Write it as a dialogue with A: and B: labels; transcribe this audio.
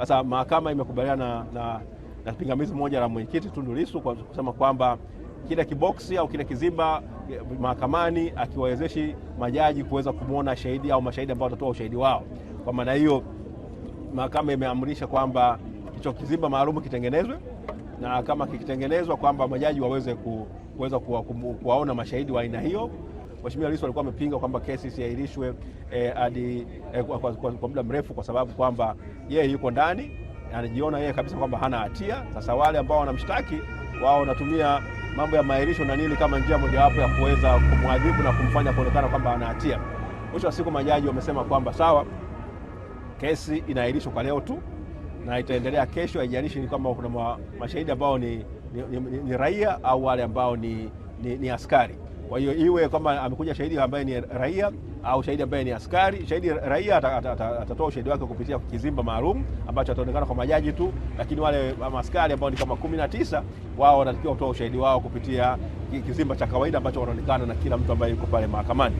A: Sasa mahakama imekubaliana na, na, na pingamizi moja la mwenyekiti Tundu Lissu kwa kusema kwamba kile kiboksi au kile kizimba eh, mahakamani akiwawezeshi majaji kuweza kumwona shahidi au mashahidi ambao watatoa ushahidi wao. Kwa maana hiyo, mahakama imeamrisha kwamba hicho kizimba maalum kitengenezwe, na kama kikitengenezwa, kwamba majaji waweze kuweza kuwaona mashahidi wa aina hiyo. Mheshimiwa Lissu alikuwa amepinga kwamba kesi isiahirishwe eh, hadi eh, kwa, kwa, kwa, kwa muda mrefu kwa sababu kwamba yeye yuko ndani anajiona yeye kabisa kwamba hana hatia. Sasa wale ambao wanamshtaki wao wanatumia mambo ya maahirisho na nini kama njia mojawapo ya kuweza kumwadhibu na kumfanya kuonekana kwamba ana hatia. Mwisho wa siku majaji wamesema kwamba sawa, kesi inaahirishwa kwa leo tu na itaendelea kesho, haijalishi ni kwamba kuna mashahidi ambao ni, ni, ni, ni raia au wale ambao ni, ni, ni askari. Kwa hiyo iwe kwamba amekuja shahidi ambaye ni raia au shahidi ambaye ni askari, shahidi raia atatoa ushahidi wake kupitia kizimba maalum ambacho ataonekana kwa majaji tu, lakini wale askari ambao ni kama kumi na tisa wao wanatakiwa kutoa ushahidi wao kupitia kizimba cha kawaida ambacho wanaonekana na kila mtu ambaye yuko pale mahakamani.